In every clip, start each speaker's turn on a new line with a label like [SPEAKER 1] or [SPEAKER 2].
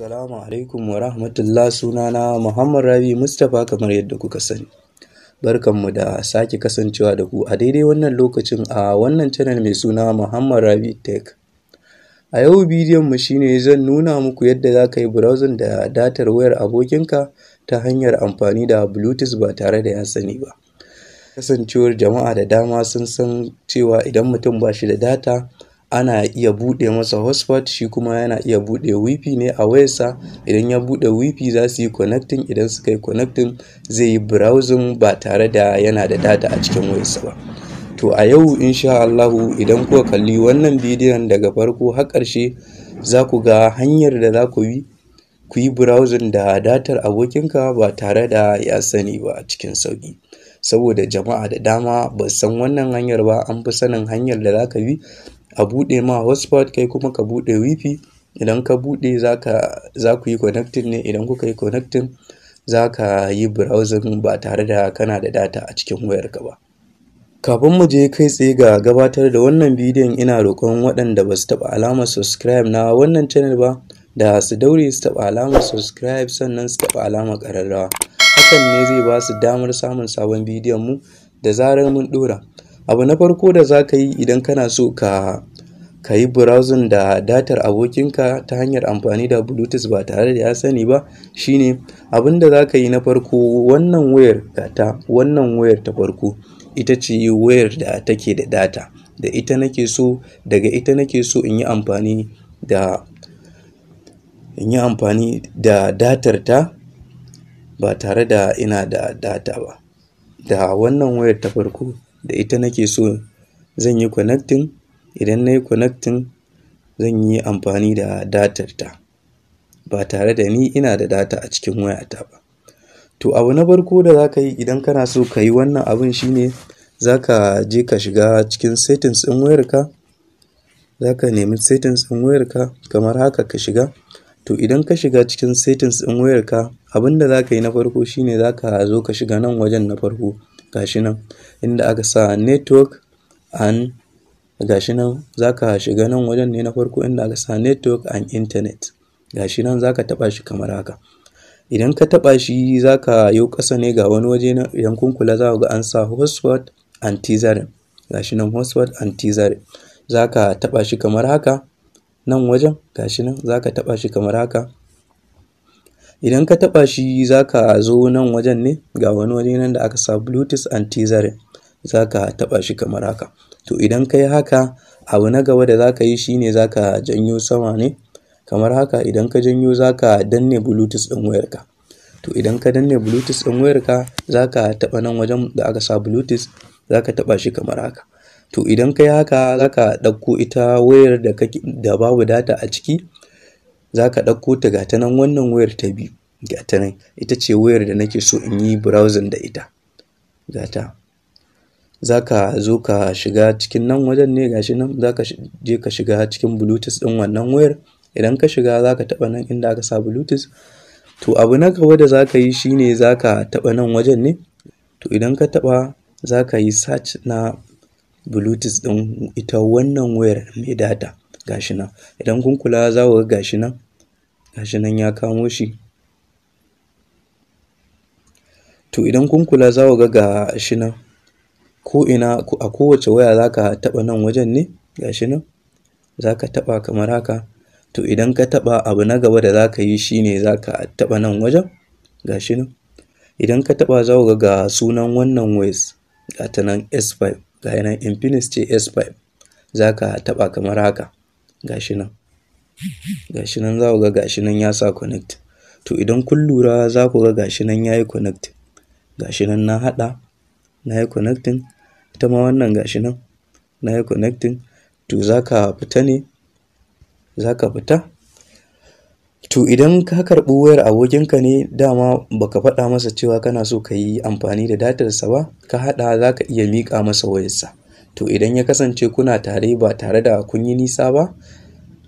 [SPEAKER 1] Assalamu alaikum wa rahmatullah sunana Muhammad Rabi Mustapha kamar yadda kuka sani. Barkanmu da sake kasancewa da ku a daidai wannan lokacin a wannan channel mai suna Muhammad Rabi Tech. A yau bidiyon mu shine zan nuna muku yadda za ka yi browsing da datar wayar abokinka ta hanyar amfani da Bluetooth ba tare da ya sani ba. Kasancewar jama'a da dama sun san cewa idan mutum ba shi da data ana iya buɗe masa hotspot shi kuma yana iya buɗe wifi ne a wayarsa idan ya buɗe wifi za su yi connecting idan suka yi connecting zai yi browsing ba tare da yana da data a cikin wayarsa ba to a yau insha Allah idan kuka kalli wannan bidiyon daga farko har ƙarshe za ku ga hanyar da za ku yi ku yi browsing da datar abokinka ba tare da ya sani ba a cikin sauki saboda jama'a da dama ba san wannan hanyar ba an fi sanin hanyar da za ka bi a buɗe ma hotspot kai kuma ka buɗe wifi idan ka buɗe za ku yi connecting ne idan kuka yi connecting za ka yi browsing ba tare da kana da data a cikin wayar ka ba kafin mu je kai tsaye ga gabatar da wannan bidiyon ina roƙon waɗanda ba su taɓa alamar subscribe na wannan channel ba da su daure su taɓa alamar subscribe sannan su taɓa alamar ƙararrawa hakan ne zai ba su damar samun sabon bidiyon mu da zarar mun ɗora abu na farko da za ka yi idan kana so ka ka yi browsing da datar abokinka ta hanyar amfani da bluetooth ba tare da ya sani ba shine abin da za ka yi na farko wannan wayar ta wannan wayar ta farko ita ce wayar da take da data da ita nake so daga ita nake so in yi amfani da in yi amfani da datar ta ba tare da ina da data ba da wannan wayar ta farko da ita nake so zan yi connecting. Idan nayi connecting zan yi amfani da datar ta ba tare da ni ina da data a cikin wayata ba. To abu na farko da za ka yi idan kana so ka yi wannan abun shine za ka je ka shiga cikin settings ɗin wayarka. Za ka nemi settings ɗin wayarka kamar haka ka shiga. To idan ka shiga cikin settings ɗin wayarka abin da za ka yi na farko shine za ka zo ka shiga nan wajen na farko gashi nan inda aka sa network and gashi nan za ka shiga nan wajen ne na farko inda aka sa network and internet gashi nan za ka taɓa shi kamar haka idan ka taɓa shi za ka yi ƙasa ne ga wani waje na yankun kula za ga an sa hotspot and teaser gashi nan hotspot and teaser za ka taɓa shi kamar haka nan wajen gashi nan za ka taɓa shi kamar haka idan ka taba shi za ka zo nan wajen ne ga wani waje nan da aka sa bluetooth and teaser za ka taɓa shi kamar haka to idan ka yi haka abu na gaba da za ka yi shine za ka janyo sama ne kamar haka idan ka janyo za ka danne bluetooth ɗin wayarka to idan ka danne bluetooth ɗin wayarka za ka taɓa nan wajen da aka sa bluetooth za ka taba shi kamar haka to idan ka yi haka za ka ɗauko ita wayar da babu data a ciki za ka ɗauko ta gata nan wannan wayar ta biyu gata nan ita ce wayar da nake so in yi browsing da ita gata za ka zo ka shiga cikin nan wajen ne gashi nan za ka je ka shiga cikin bluetooth ɗin wannan wayar idan ka shiga za ka taɓa nan inda aka sa bluetooth to abu na gaba da za ka yi shine za ka taɓa nan wajen ne to idan ka taɓa za ka yi search na bluetooth ɗin ita wannan wayar mai data gashi nan idan kun kula za ku ga gashi nan gashi nan ya kamo shi to idan kun kula za ku ga gashi nan ko ina a kowace waya za ka taɓa nan wajen ne gashi nan za ka taɓa kamar haka to idan ka taɓa abu na gaba da za ka yi shi ne za ka taɓa nan wajen gashi nan idan ka taɓa za ku ga sunan wannan ways ga ta nan s5 ga nan infinix ce s5 za ka taɓa kamar haka gashi nan gashi nan za ku ga gashi nan ya sa connect to idan kun lura za ku ga gashi nan ya yi connect gashi nan na haɗa na yi connecting ita ma wannan gashi nan na yi connecting to za ka fita ne za ka fita to idan ka karɓi wayar abokinka ne dama baka faɗa masa cewa kana so ka yi amfani da datarsa ba ka haɗa za ka iya miƙa masa wayarsa To idan ya kasance kuna tare ba tare da kun yi nisa ba,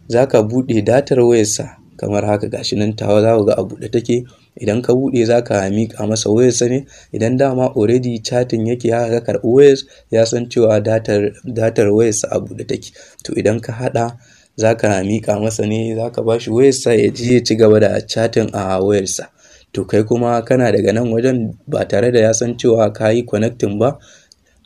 [SPEAKER 1] za ka buɗe datar wayarsa kamar haka gashi nan tawa za ku ga a buɗe take. Idan ka buɗe za ka miƙa masa wayarsa ne. Idan dama already chatting yake haka ka karɓi wayar ya san cewa datar, wayarsa a buɗe take. To idan ka haɗa za ka miƙa masa ne, za ka ba shi wayarsa ya je ya ci gaba da chatting a wayarsa. To kai kuma kana daga nan wajen ba tare da ya san cewa ka yi connecting ba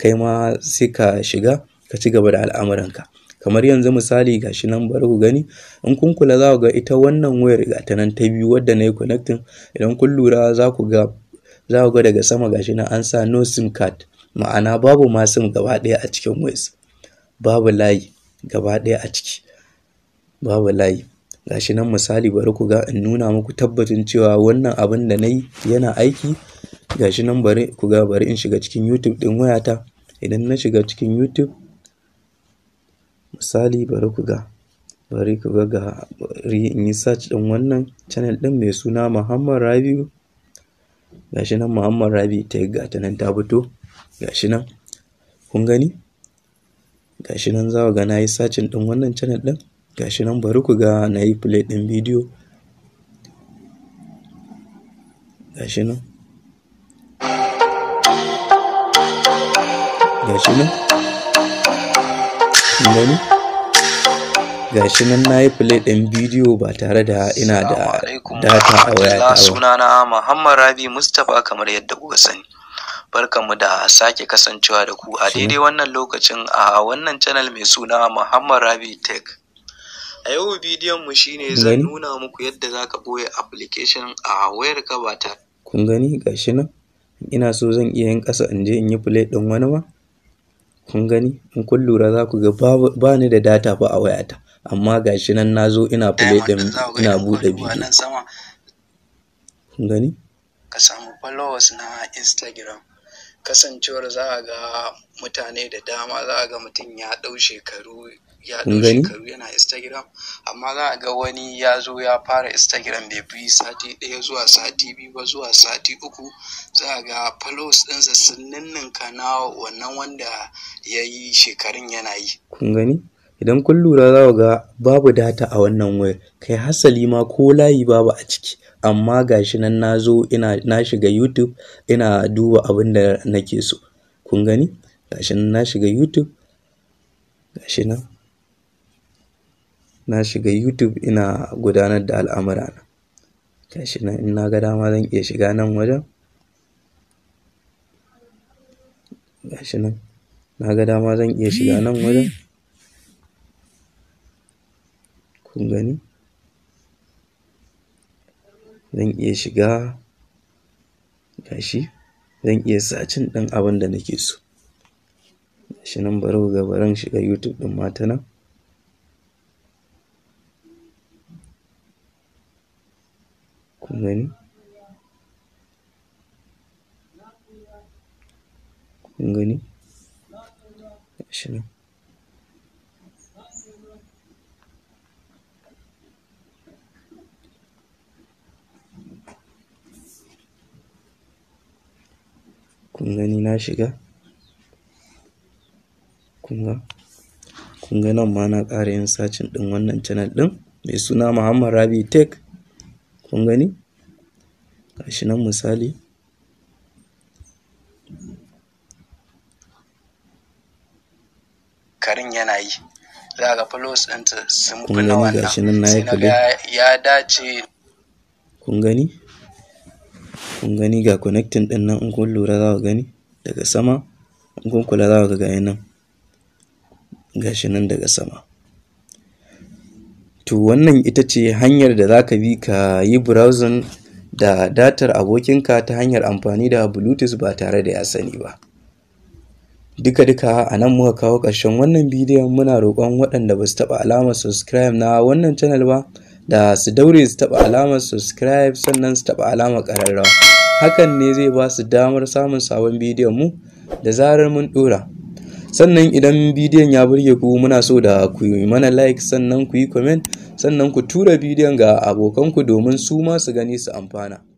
[SPEAKER 1] kai ma sai ka shiga ka ci gaba da al'amuranka kamar yanzu misali shi nan bari ku gani in kun kula za ku ga ita wannan wayar ga ta nan ta biyu wadda na yi connecting idan kun lura za ku ga za ku ga daga sama shi nan an sa no sim card ma'ana babu ma sim gaba ɗaya a cikin wayar babu layi gaba ɗaya a ciki babu layi shi nan misali bari ku ga in nuna muku tabbacin cewa wannan abin da na yi yana aiki shi nan bari ku ga bari in shiga cikin YouTube ɗin wayata idan na shiga cikin YouTube misali bari ku ga bari ku ga ga bari in yi search ɗin wannan channel ɗin mai suna Muhammad Rabiu shi nan Muhammad Rabiu ta yi gata nan ta fito shi nan kun gani shi nan za ku ga na yi search ɗin wannan channel ɗin shi nan bari ku ga na yi play ɗin ga shi nan gashi nan gani gashi nan na yi play ɗin bidiyo ba tare da ina da data a wayata ba na muhammad rabi mustapha kamar yadda kuka sani barkanmu da sake kasancewa da ku a daidai wannan lokacin a wannan channel mai suna Muhammad Rabi Tech. A yau bidiyon mu shine zan nuna muku yadda zaka boye application a wayar ka ba ta. Kun gani gashi nan ina so zan iya yin kasa in je in yi play ɗin wani ba Kun gani? In kun lura za ku ga ba ni da data ba a wayata. Amma ga shi nan na zo ina fule ɗin ina buɗe bidiyo. Kun gani? Ka samu followers na Instagram. Kasancewar za a ga mutane da dama za a ga mutum ya ɗau shekaru ya ɗau shekaru yana instagram amma za a ga wani ya zo ya fara instagram bai bi sati ɗaya zuwa sati biyu ba zuwa sati uku za a ga follows ɗinsa sun ninninka na wannan wanda ya yi shekarun yana yi kun gani idan kun lura za ga babu data a wannan wayar kai hasali ma ko layi babu a ciki amma gashi nan na zo ina na shiga youtube ina duba abin da nake so kun gani gashi nan na shiga youtube gashi nan na shiga YouTube ina gudanar da al'amura na Gashi nan in na ga dama zan iya shiga nan wajen. Gashi nan na ga dama zan iya shiga nan wajen. Kun gani? Zan iya shiga gashi zan iya searching ɗin abin da nake so. Gashi nan bari ku ga barin shiga YouTube ɗin ma ta nan. kun gani kun gani gashi nan kun gani na shiga kun ga kun ga nan ma na ƙara yin sacin ɗin wannan channel ɗin mai suna Muhammad Rabi Tech kun gani gashi nan misali karin yana yi za ga follows ɗinta sun fi na wannan sai na ga ya dace kun gani kun gani ga connecting din nan in kun lura za ku gani daga sama in kun kula za ku ga nan gashi nan daga sama to wannan ita ce hanyar da za ka bi ka yi browsing da datar abokinka ta hanyar amfani da bluetooth ba tare da ya sani ba duka-duka a nan muka kawo ƙarshen wannan bidiyon muna roƙon waɗanda ba su taɓa alamar subscribe na wannan channel ba da su daure su taɓa alamar subscribe sannan su taɓa alamar ƙararrawa hakan ne zai ba su damar samun sabon bidiyon mu da zarar mun ɗora sannan idan bidiyon ya burge ku muna so da ku yi mana like sannan ku yi comment sannan ku tura bidiyon ga abokanku domin su ma su gani su amfana